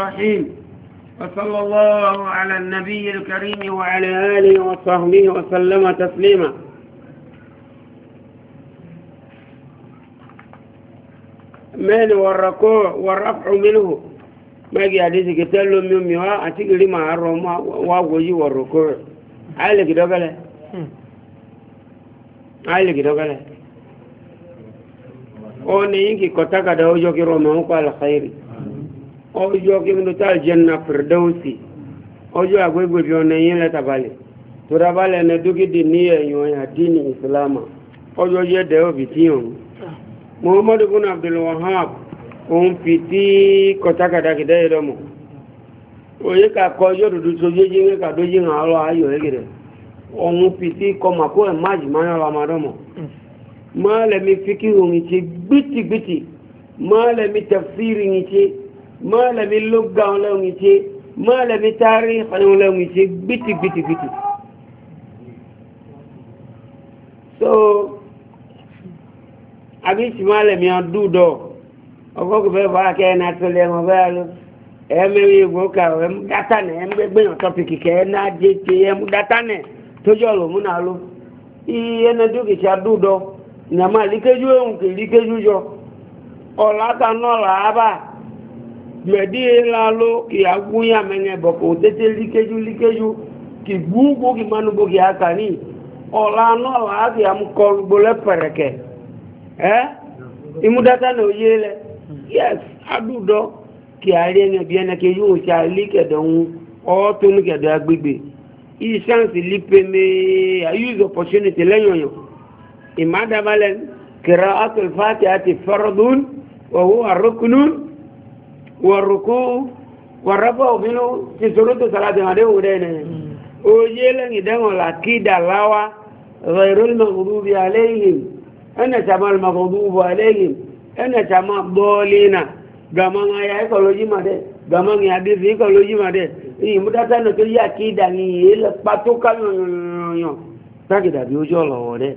الرحيم وصلى الله على النبي الكريم وعلى آله وصحبه وسلم تسليما من والركوع والرفع منه ما جاء حديث كتاب من ميوا أتقل ما الرمى ووجي والركوع على كده قال على كده قال أو نيجي كتاكا ده وجو كيرو ما خيري ojo kimduta aljanna firdausi ojo agwebwe vyone yile tabale turabale ne dukidi niye nyoya dini islama ojo je deo vitio muhammad ibn abdul wahab umpiti kotaka dakidae domo oye ka kojo dudu soje jinge ka doji ngalo ayo egire omu piti ko mako e maji mana la maromo male mi fikiru ngiti biti biti male mi tafsiri ngiti malamin lugga ọlọ́run ìṣe malamin tari ọlọ́run ìṣe gbìtìgbìtìgbìtì so àbíṣì malamin adúdọ̀ ọgọ́gùnfẹ́ bá kẹ́ ẹ̀nà tó lẹ́wọ̀n bá lọ ẹ̀mẹ́rin ìgbò ká ẹ̀mú dátà nẹ̀ ẹ̀mú gbẹ̀yàn tọ́pìkì kẹ́ ẹ̀ náà dé ti ẹ̀mú dátà nẹ̀ tójú iye na dúkìtì adúdọ̀ ìyàmá líkéjú ehun jọ mẹ̀dí lalo kì agúnyà mẹ́ngẹ̀ bọ̀ kò tètè líkéjú líkéjú kì gbúgbó kì mánubó kì ákàní ọ̀la náà làá kì amúkọlùgbò lẹ́ pẹ̀rẹ̀kẹ̀ ẹ́ ìmúdátà náà yé lẹ yẹs adúdọ́ kì àárẹ̀ ẹ̀ngẹ̀ bí ẹ̀nẹ̀ kì yóò ṣe àlíkẹ̀dọ̀ ń ọ́tún kẹ̀dọ̀ agbègbè ìṣàǹsì lípémé use opportunity lẹ́yìn ọ̀yàn ìmádàbálẹ̀ kìrà àtòlfàtì àti fọ́rọ̀dún òwò àrókùnún warruku warrafa ominu ti surutu salatu ma dewu dene hmm. o yele ngi dengo la kida lawa ghairul maghdubi alayhim ana tamal maghdubu alayhim ana chama bolina gamanga ya ekoloji ma de gamanga ya bi ekoloji ma de yi mudata no to ya kida ni ele patuka yo yo yo takida bi ojo lo de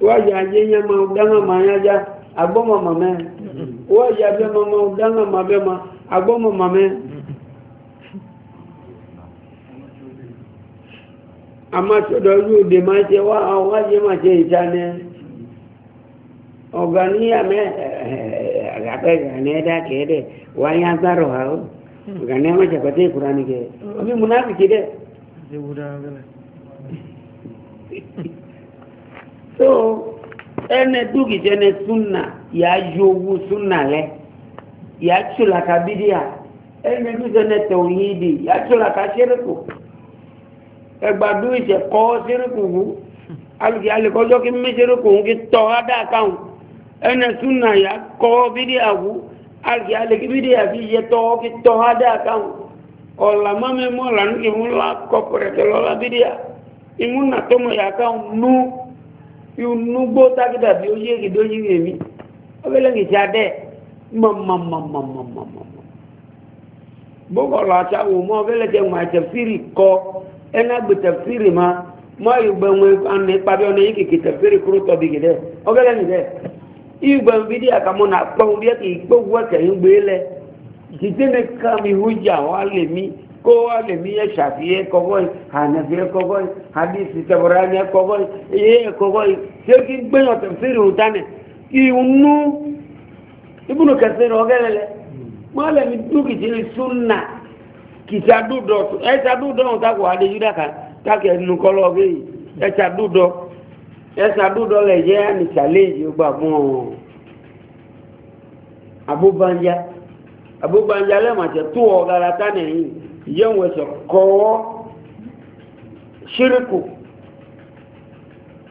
waje ajenya ma udanga mayaja agboma mame waje abema ma udanga mabema agboma mame ama chodo yude mache wa waje mache itane ogania me agape ganeda kede wanya zaro hao ganema mache kote kurani ke abi munafiki de so ene dúkìjẹ ní súnà yà á suna le ya lẹ yà á tún làkà bídíà ẹnẹ dúkìjẹ ní tẹ̀wọ̀ yìí di yà á hu làkà ṣẹ́rẹ́kù ẹgbàdú ìṣẹ̀ kọ́ ṣẹ́rẹ́kù wù alùpùpù alùkọ́jọ́ kí mí ṣẹ́rẹ́kù wù kí Ola bidia. inugbó tágídà bí ó yé èdè ó yé èmi ọbẹ̀lẹ́gì ti adẹ́ mọ̀mọ̀mọ̀mọ̀mọ̀mọ̀ bókọ̀lọ̀ àtàwò mọ́ ọbẹ̀lẹ́gì wọn àtẹ̀fírì kọ ẹ̀nà gbé ma mọ́ ìgbẹ̀wọ̀n àná ìpàdé ọ̀nà yìí kìkì tẹ̀fírì kúrò tọ̀bì gẹ̀dẹ̀ ọbẹ̀lẹ́gì dẹ̀ ìgbẹ̀wọ̀n bí díà kàmọ́ nà pọ̀n bí ẹ̀kì ìgbówó ẹ̀kẹ̀ ń gbé lẹ̀ títí ní kàmi hújà wà lè mí kó wà lè mí yẹ ṣàfihẹ́ kọ́kọ́ yìí ànàfihẹ́ kọ́kọ́ yìí hadith tẹ̀bọ̀rẹ́ yẹ kọ́kọ́ yìí ṣé kí gbẹ́yàn tẹ̀síìrì ò dánẹ̀ ìhunú ibùdó kẹsìrì ọ̀gẹ́lẹ́lẹ́ mọ́lẹ̀ mi dúkìtì ní súnà kìtì àdúdọ̀ ẹ̀ṣẹ̀ àdúdọ̀ ọ̀hún tako adé yúdàkà káàkiri ẹnu kọ́lọ́ ọ̀gẹ́ yìí ẹ̀ṣẹ̀ àdúdọ̀ ẹ̀ṣẹ̀ àdúdọ̀ lẹ̀ yẹ́ àmì challenge gbà fún ọ̀hún abúgbànjá abúgbànjá lẹ́màṣẹ tó ọ̀gára tánẹ̀ yìí yẹ́wọ̀n ẹ̀ṣẹ̀ kọ́wọ́ ṣíríkù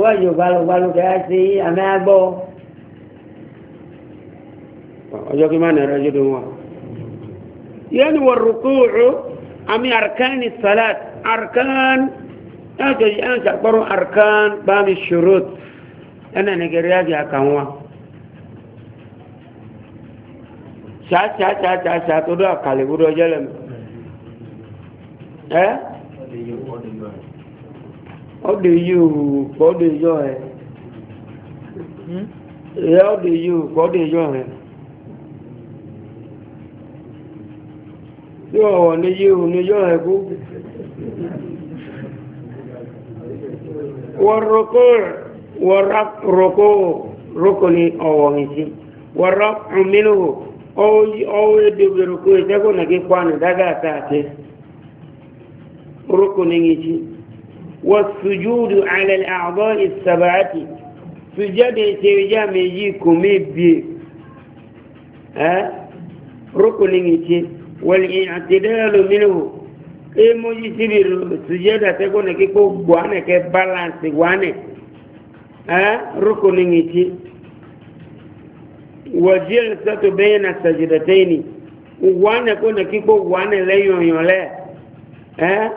wọ́n yóò gbalùgbalù kẹ́ ẹ́ sí àmì agbọ́ ọjọ́ kí máa nà ẹ̀rọ jùlọ wọn yẹn ni wọ́n rùkúrù àmì arkani salat arkan ẹ̀jọ̀ yìí ẹ̀jọ̀ àgbọ̀rún arkan bámi ṣùrùt ẹ̀nà nìgẹ̀rẹ́ àjẹ́ àkàwọn ṣàṣàṣàṣàṣà tó dọ̀ àkàlẹ̀ gbọ́dọ̀ jẹ́lẹ̀ mi ẹ́ ọdị yíò kà ọ dị yọ ẹ ẹ ọ dị yíò kà ọ dị yọ ẹ tí ọwọ ní yíò ní yọ ẹ kú wọrọkọ wọrọ rọkọ rọkọ ní ọwọ nìyí wọrọ ọmọnìyàn ọwọ ọwọ ẹbí rọkọ ẹtẹkọ nàkí kwanu dágà àtàtẹ rọkọ ní yíò. والسجود على الأعضاء السبعة سجد تيجا ميجيكم بي ها ركن والاعتدال منه emo yi sibi sujada teko ne kiko gwane ke balance gwane eh ruko ni ngiti wajil sato baina sajidataini gwane ko ne kiko gwane le yoyon le eh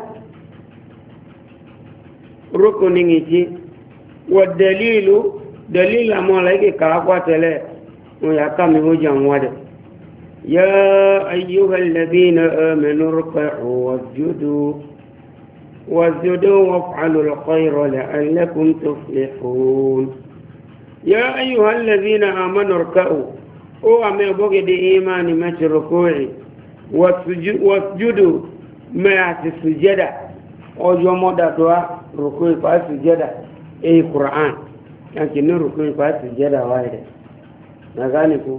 rukuni ngichi wa dalilu dalil amala yake kaakwa tele yakami hoja mwade يا أيها الذين آمنوا اركعوا واسجدوا واسجدوا وافعلوا الخير لعلكم تفلحون يا أيها الذين آمنوا اركعوا أو أمي بغد إيمان ما ركوعي واسجدوا ما السجدة ọjọ́ mọ́dàdọ́wà rùkú ìpá sí jẹ́dà èyí kùrán yankì ní rùkú ìpá sí jẹ́dà wáyé rẹ̀ nàgáníkú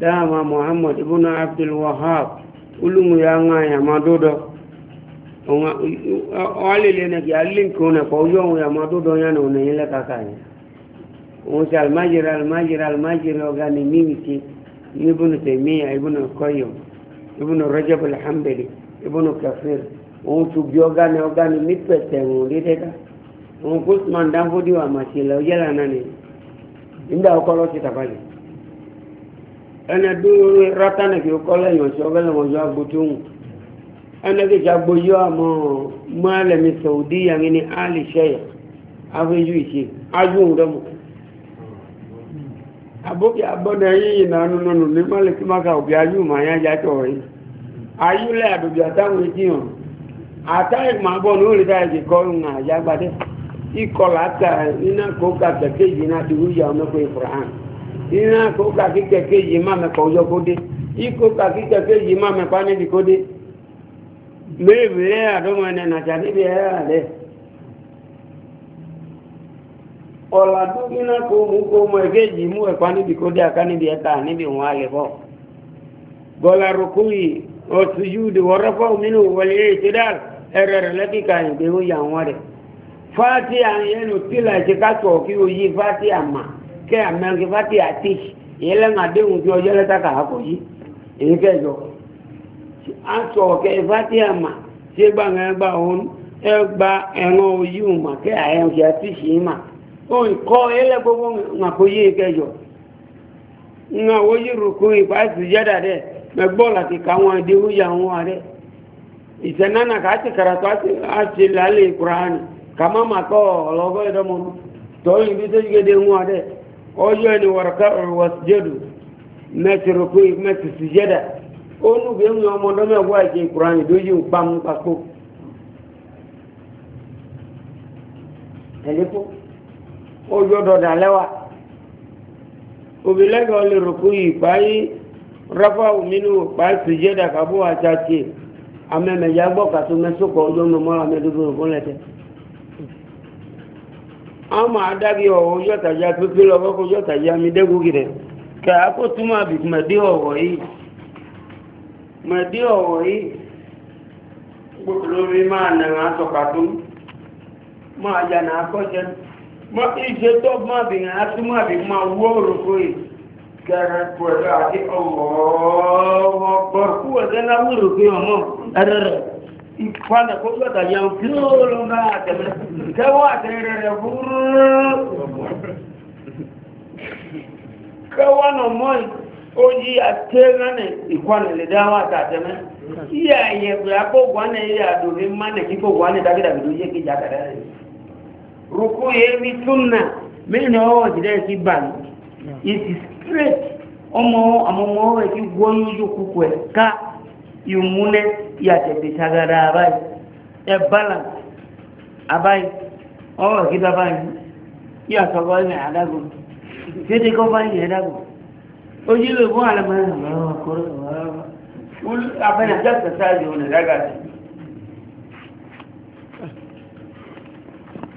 dáàmà muhammad ibn abdul wahab ulumu ya ń wá yàmá dúdọ ọ̀hálẹ̀lẹ̀ nàkì alínkì ọ̀nà kọ̀ ọjọ́ òun yàmá dúdọ yẹn nà ònà yẹn lẹ́kàkà yẹn òun sì almájèrè almájèrè almájèrè ọ̀gá ni mímìkì ní ibùnú tèmíyà ibùnú kọyọ ibùnú rẹjẹbù alhambali ibùnú kafir òun tún bí ọgá ni ọgá ni mí pẹ̀tẹ̀ òun lé dẹ́ka òun postman danfodi wà má ṣe lọ yẹ́là náà ni nígbà ọkọ lọ ti tàbá yìí ẹnẹ dúró rátánì kì í kọ́ lẹ́yìn ọ̀ṣọ́ ọgẹ́lẹ́ ọ̀ṣọ́ agbótó hùn ẹnẹ kì í ṣe agbóyọ àmọ́ mọ́lẹ̀mí sọ̀ọ́dí yàn ní àlè ṣẹ́yà afẹ́jú ìṣe ájú òun dọ́mọ̀ àbókè abọ́dẹ yìí nànú nínú ní mọ́lẹ̀kí máka òbí ayú màá yá jájọ́ rẹ̀ ayú lẹ́ àdòbí àtàwọn etí hàn àtàrí màá bọ̀ lórí dáìjì kọrùn àyàgbádẹ́ ikọ̀lá ta iná kóka kẹ̀kẹ́jì náà ti wúyà ọmọkùnrin ìfúrahàn iná kóka kíkẹ̀kẹ́jì má mẹ́kọ̀ ọjọ́ kó dé ikóka kíkẹ̀kẹ́jì má mẹ́kọ̀ ánẹ́bí kó dé mẹ́rẹ̀ẹ́ àdọ́mọ ẹ̀nà nàjà níbi ẹ̀rẹ́ àlẹ́ ọ̀làdú iná kó mú kó mọ ẹ̀kẹ́jì mú ẹ̀kọ́ níbi kó dé àká níbi ẹ̀ta níbi wọn alẹ́ bọ́ gọ́lá rukúyì ọ̀sùn yúdì wọ́rọ́fọ́ mi ní òwòlẹ́ ìṣẹ́dáàlù ẹ̀rẹ̀rẹ̀ lẹ́kìkà ìgbé ó yà rẹ̀ àyẹnu kí o yí fáti àmà kẹ́ àmẹ́kì fáti àti ìyẹlẹ́nu àdéhùn tí ọjọ́ lẹ́tà kà á kọ̀ yí èyí kẹjọ. aṣọ kẹ fáti àmà ṣé gbàngàn ẹgbà òun ẹgbà ẹran oyí òmà kẹ́ àyẹnu kì á ti ṣì gbogbo yí ńà wọ́n yí ìpàṣẹ wọn yà wọn ìtẹ̀nánà káàtì karatu àti lálẹ́ ìkùránì kàmá màkọ́ ọlọ́gọ́ ìdọ́mọ́nù tóyìn bí tó jígé dé ń wọ́n dẹ́ ọjọ́ ẹni wọ̀rọ̀ká ọ̀rọ̀wọ̀síjẹ́dù mẹ́tìrìkú mẹ́tìsíjẹ́dà ó nùgbé ń yan ọmọ ọdọ́mẹ́wọ́ àti ìkùránì lójú pam pàkó ẹ̀lẹ́kọ́ ọjọ́ dọ̀dà lẹ́wà òbílẹ́gà ọlẹ́rọ̀kú yìí pàáyé ráfà òmìnú pàáyé síjẹ́dà kàbó àti àti amẹ́mẹ̀yà gbọ́ kàtó mẹ́sọ́kọ̀ ọjọ́ mọ́mọ́ra mẹ́dúgbò ìfúnlẹ̀tẹ̀ ama adagi ọwọ yọtaja pépé lọwọ kó yọtaja mi dẹgùgì rẹ kẹ akótúmọ àbí mẹdí ọwọ yìí mẹdí ọwọ yìí lórí máa nàrà àtọkàtún máa yànnà akọjẹ ìṣètò máa bìnrin àti máa bìnrin máa wú òrùkọ yìí gara tuwada a ti ọwọ́wọ́gbọ́n kú ẹ̀gẹ́ lámúrò pé ọmọ ẹ̀rẹ̀rẹ̀ ìpàdà kó gbọ́ta yà ń fi oòrùn bá àtẹ̀mẹ́ tẹ́wọ́ àtẹ̀rẹ̀rẹ̀ fúrú kẹwọ́nà mọ́ ojí àtẹ́rẹ̀rẹ̀ ìkwànà lè dáwọ́ àtàtẹ̀mẹ́ yíyà ìyẹ̀pẹ̀ akọ́gbọ́nà yíyà àdòrí mánà kíkọ́gbọ́nà dákẹ́dàgbẹ̀dọ́ yẹ́ kíjà kàdá rẹ̀ rukú yẹ́ mi túnnà mí it is straight ọmọ àmọ́mọ́ rẹ̀ kí wọ́n yóò kúkú ẹ̀ ká ìmúnẹ́ ìyàtẹ̀gbẹ̀ tagara àbáyé ẹ̀ balance àbáyé ọwọ́ kí bá báyìí yíyàtọ̀ bá ní àdágún kéde kọ́ bá ní àdágún ojúlé fún àlẹ́mọ́rẹ́ àwọn akọ́rẹ́ wọ́n abẹ́rẹ́ jáde sáájú ọ̀nà dágàtì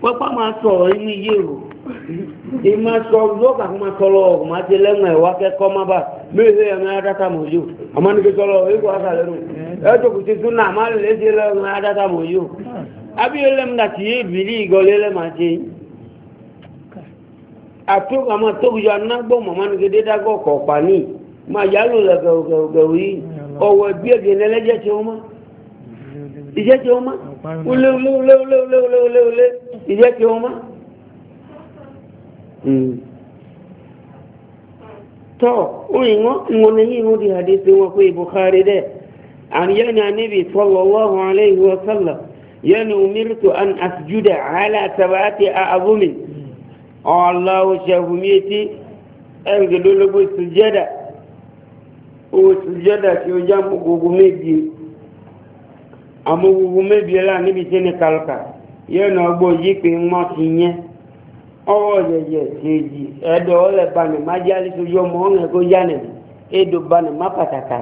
wọ́n pàmò àtọ̀ inú iye o ìmá sọ lọ́gbà kó máa tọ́lọ́ ọ̀gbọ̀n máa ti lẹ́wọ̀n ẹ̀wà kẹ́kọ́ má bà méje ẹ̀mí adáta mọ̀ yóò àmọ́nìkè tọ́lọ́ ẹ̀kọ́ àtàlẹ́rù ẹ̀jọ̀kù ti tún lè ti yálò ma? tọ́ oyin wọn ní ìwọ́n di hadisi wọn pé bukhari dẹ̀ àríyànjú anábì sallallahu alayhi wa sallam yẹnu umirtu an asjuda ala a abumi ọlọ́wọ́ sẹ́fúmíyẹ́tì ẹ̀ǹgẹ̀dọ́lógbò sùjẹ́dà owó o tí ó já gbogbo méjì àmọ́ gbogbo méjì lá níbi tí ní ti ọwọ́ yẹyẹ kejì ẹ̀dọ̀ ọlẹ̀ bani ma jáde tó yọ mọ́ ọ̀hún ẹ̀kọ́ yánẹ̀ ẹ̀dọ̀ bani má pàtàkà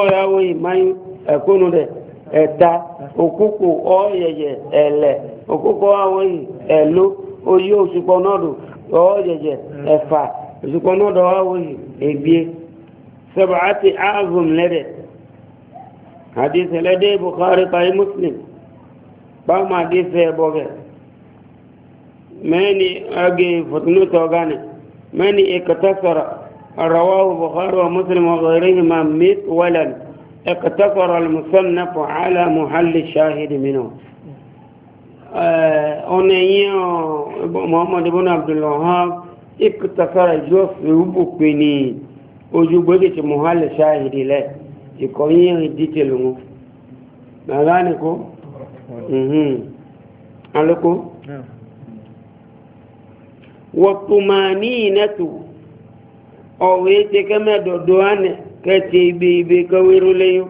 ọ̀yàwó ìmáyé ẹ̀kọ́nu rẹ ẹta òkúkù ọ̀yẹyẹ ẹ̀lẹ̀ òkúkù ọwọ yìí ẹ̀lú oyé òṣùpọ̀ náà dò ọ̀yẹyẹ ẹ̀fà náà yìí àti mani age footnote ogane mani ikatasara رواه البخاري ومسلم وغيرهما مطولا اقتصر المصنف على محل الشاهد منه أني محمد بن عبد الوهاب اقتصر جوف ربكني ojúgbódé ti mọ̀hálẹ̀ ṣáàhìdì lẹ́ ìkọ̀yìn ìdítẹ̀lù wọn mẹ́ránìkó alókó wọ̀tùmánìínẹ́tù ọ̀wé tẹ kẹ́mẹ́ dọ̀dọ̀ ánẹ̀ kẹ́tẹ ibe ibe kẹwérúléyún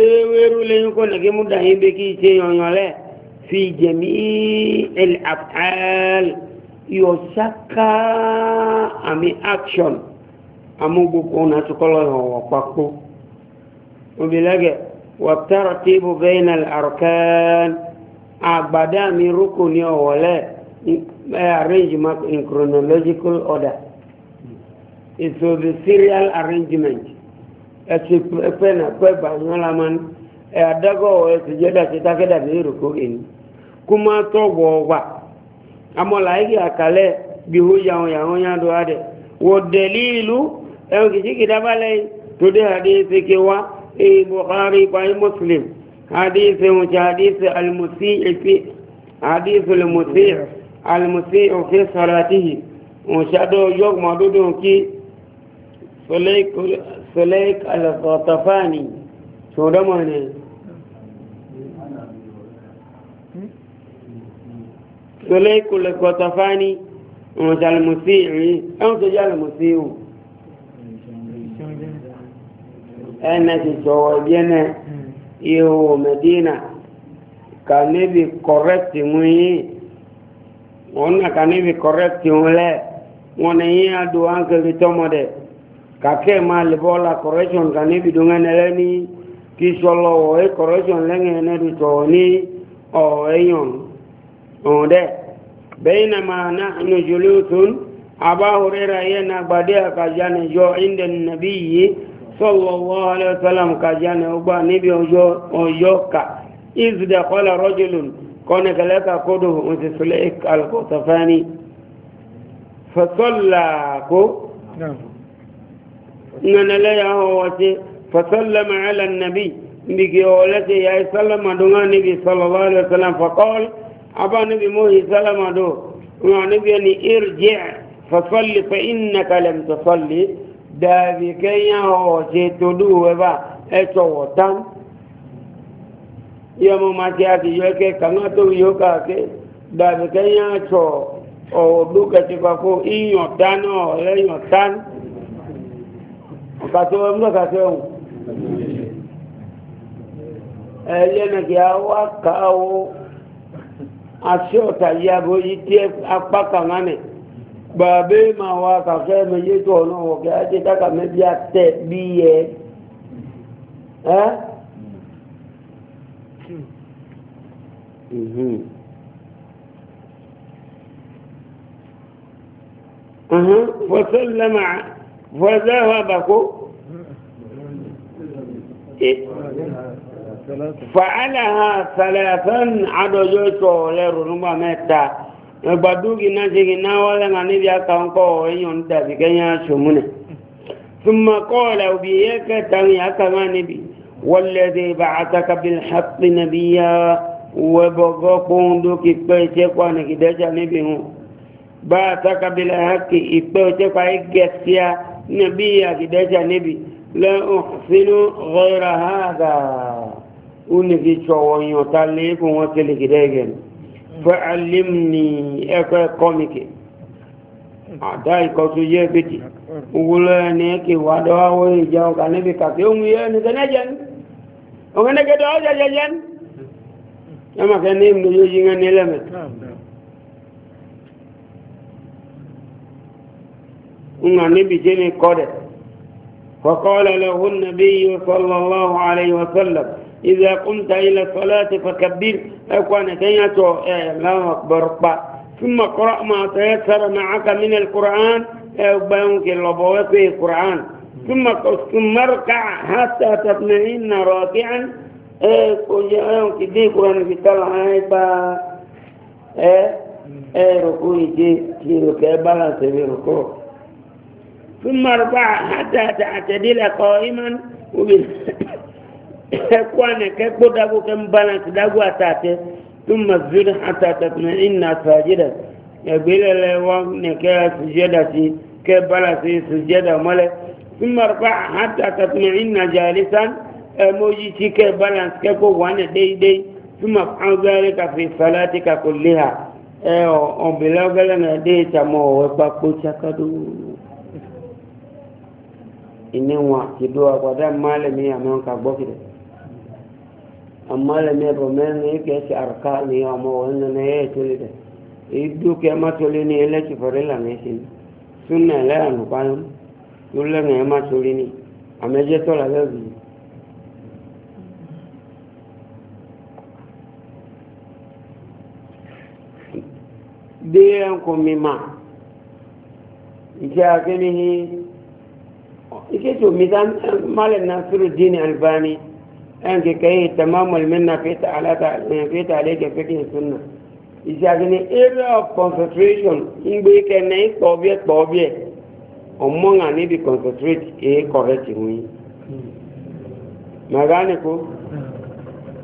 ewérúléyún kọ́ nàkí mú dàní ibe kí ṣe yọ̀nyàn lẹ̀ fi jẹ̀mí ẹ̀lẹ́ àpáàlì yọ̀ṣáká àmì action amúgbòkó náà tukọ́lọ̀ ọ̀wọ̀ pákó obìlẹ́gẹ̀ wọ̀tẹ́rọ̀ tí ibùgbé náà àrùkẹ́ àgbàdá mi rúkù ní ọ̀wọ̀lẹ́ Uh, arrange mark in chronological order. It's will be serial arrangement. Ẹ̀sìn pẹ́ náà pẹ́ bá yán la máa ń ẹ̀ adágọ́ ẹ̀sìn jẹ́dá sí tákẹ́dà sí ìrùkọ́ in. Kú máa tọ́ wọ̀ wà. Amọ̀là ayé àkàlẹ̀ bí ó yà wọn yàwọn yá do adẹ̀. Wọ́n dẹ̀lí ìlú ẹ̀wọ̀n kìí kìí dábàá lẹ́yìn tó dé àdéhìsí kí wá èyí Bukhari pàì Mùsùlùm. Àdéhìsí wọn ti àdéhìsí Alimusi èfi àdéhìsí Alimusi alimusi ofe salatihi mushado yog madudu ki sulaik al-ghatafani shoda mane sulaik al-ghatafani mushal musi'i an to jal musi'u ana ti jowo jene iwo medina ka nebi correct muyi ona kanivi correcti ule mone ia duanke litomode kake ma libola correction kanivi dungeneleni kisolo oe correction lenge ne ritoni o eyon ode bainama nahnu julusun aba hurera yena badia kajane jo inde nabii sallallahu alaihi wasallam kajane uba nibi ojo ojoka izda qala rajulun كونك لك قده أنت سليك القطفاني فصلى كو نعم نانا لا يهو فسلم على النبي بقولته يا سلم دون النبي صلى الله عليه وسلم فقال أبا نبي موه سلم دو نبي أن ارجع فصل فإنك لم تصلي دابي كي يهو تدو وبا أتوتم yọmọ máa eh, ti àti yọ ẹkẹ kàmá tó yọ káàké dàbí kẹyìn àtsọ ọdún kẹtìkọ kó ìyàn dáná ọlẹyàn tán ọkàtọ ọmọ náà kàtọ ẹwọn ẹlẹnìkì awa káwọ àti ọ̀tà yìí abo yìí tí apá kàmá nì bàbá ma wà kàfẹ́ mi yé tó ọ̀nà wọ̀ kí á ti dákàmẹ́ bí atẹ bí yẹ ẹ́. أها فسلم فذهبك إيه. فعلها ثلاثا عدد لر متى بدوك نجي ناولا نبيا كانكو يون يا شمونه ثم قال بيك تن يا كما نبي والذي بعثك بالحق نبيا wẹ́bọ̀gọ́ pọ́ńdó kí pẹ́ ìṣẹ́kọ́ ànìkìdẹ́sà níbi wọn bá àtàkàbílẹ̀ hàkì ìpẹ́ ìṣẹ́kọ́ ayé gẹ̀ẹ́síà níbi àkìdẹ́sà níbi lẹ́hùn sínú rẹ́ra hàdà únìkì ṣọ̀wọ̀ yàn ta lẹ́kùn wọn sí lẹ́kìdẹ́gẹ̀ fẹ́ alẹ́mùnì ẹ̀kọ́ kọ́mìkì àdá ìkọ̀tù yẹ́ bìtì wúlò ẹni kì wádọ́ àwọn ìjà ọ̀gá níbi kàkí ó ń yẹ ẹni tẹ́lẹ̀ jẹ́ ni òun ẹni kẹ́tọ́ ọ̀jẹ̀ jẹ́ jẹ́ ni. ama كان ne mu yoji nga ne فقال له النبي صلى الله عليه وسلم إذا قمت إلى الصلاة فكبر أكوان تياتو الله أكبر ثم قرأ ما تيسر معك من القرآن أبانك بانك اللبوات القرآن ثم اركع حتى تطمئن راكعا ẹ e, oye ẹhùn ti dé ìkúrọ̀nù fi tọ́lá ẹ gba ẹ ẹ rògbò ìdí ti rògbò ẹ bálànsì mi rògbò. fún marubá àti àti àtẹ̀dílẹ̀ kọ iman omi ẹkú àná kẹkpó na e, e, fún emoji tike balance ke ko wane dei dei tuma fangare ka fi salati ka kulliha e o bilogala na dei ta mo we pa ko chakadu inenwa kidoa kwa da malami ameonka gbokide malami ko men ne ke ci arka ni amo wonna ne e tulide iddu e, ke ma tulini ele ci farilla ne sin sunna la anu kan tulle ne e ma tulini ameje to la bi déyẹn kò mímà ìṣe akínníhi ìkéjì omidá malẹ̀ nasiru dín albani ẹn kẹkẹ yìí tamamul minna fita alata fita aleke fikin sunna ìṣe akínní area of concentration ń gbé kẹ́nẹ́ ìkpọ̀bíẹ̀ kpọ̀bíẹ̀ ọmọ́nà níbi concentrate èé correct wọ́n yìí magánìkó.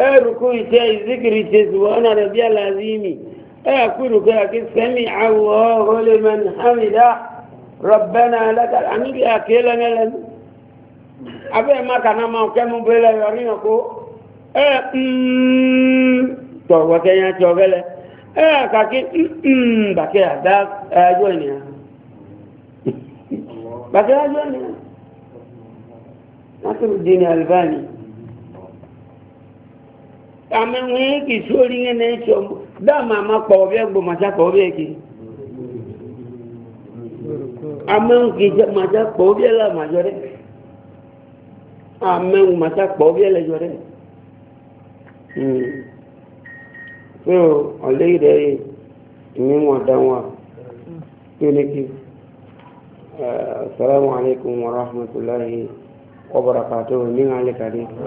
ركوع ذكر سبحان ربي العظيم أقول كأك سمع الله لمن حمده ربنا لك الحمد أكيلا لن أبي ما كان ما كان بلا يرينكو تو وكيا توغلا اه كاكي باكي هذا اجوني باكي اجوني ناصر الدين الباني ame ŋun kì í sórí ŋẹ́ náà ṣe ọmọ dáàmú àmà pọ̀ ọ̀bẹ gbọ́ màjá pọ̀ ọ̀bẹ kì í. ame ŋun kì í jẹ màjá pọ̀ ọ̀bẹ là màjọ rẹ̀ ame ŋun màjá pọ̀ ọ̀bẹ lẹ̀ jọ rẹ̀. so ọ̀lẹ́ ìdẹ́ yìí ìmí wọn dán wa kí ni kí. asalaamualeykum wa rahmatulahi. وبركاته من على كريم